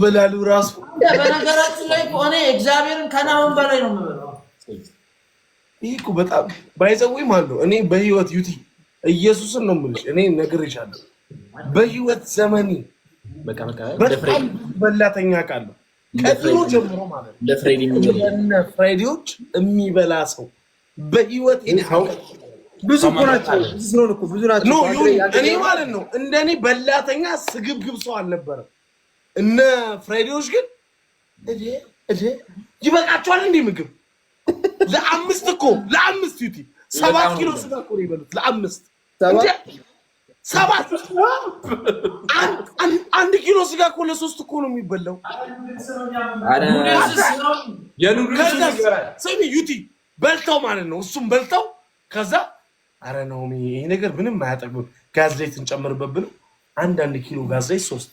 አበላሉ ራሱ በነገራችን ላይ ከሆነ እግዚአብሔርን ከናሁን በላይ ነው የምበላው። ይህ እኮ በጣም ባይዘወይ ማለት ነው። እኔ በህይወት ዩቲ ኢየሱስን ነው የምልሽ። እኔ ነግሬሻለሁ፣ በህይወት ዘመኔ በጣም በላተኛ ቃለሁ ከድሮ ጀምሮ ማለት ነው። ፍሬዲዎች የሚበላ ሰው በህይወት ብዙ ናቸው። ብዙ ናቸው። እኔ ማለት ነው እንደኔ በላተኛ ስግብግብ ሰው አልነበረም። እነ ፍራይዴዎች ግን ይበቃቸዋል እንዲህ ምግብ? ለአምስት እኮ ለአምስት ዩቲ ሰባት ኪሎ ስጋ እኮ ነው ለአምስት ሰባት አንድ ኪሎ ስጋ እኮ ለሶስት እኮ ነው የሚበላው። ስሚ ዩቲ በልተው ማለት ነው እሱም በልተው ከዛ አረ ይሄ ነገር ምንም አያጠቅምም፣ ጋዝ ላይ ትንጨምርበት ብለው ኪሎ ጋዝ ላይ ሶስት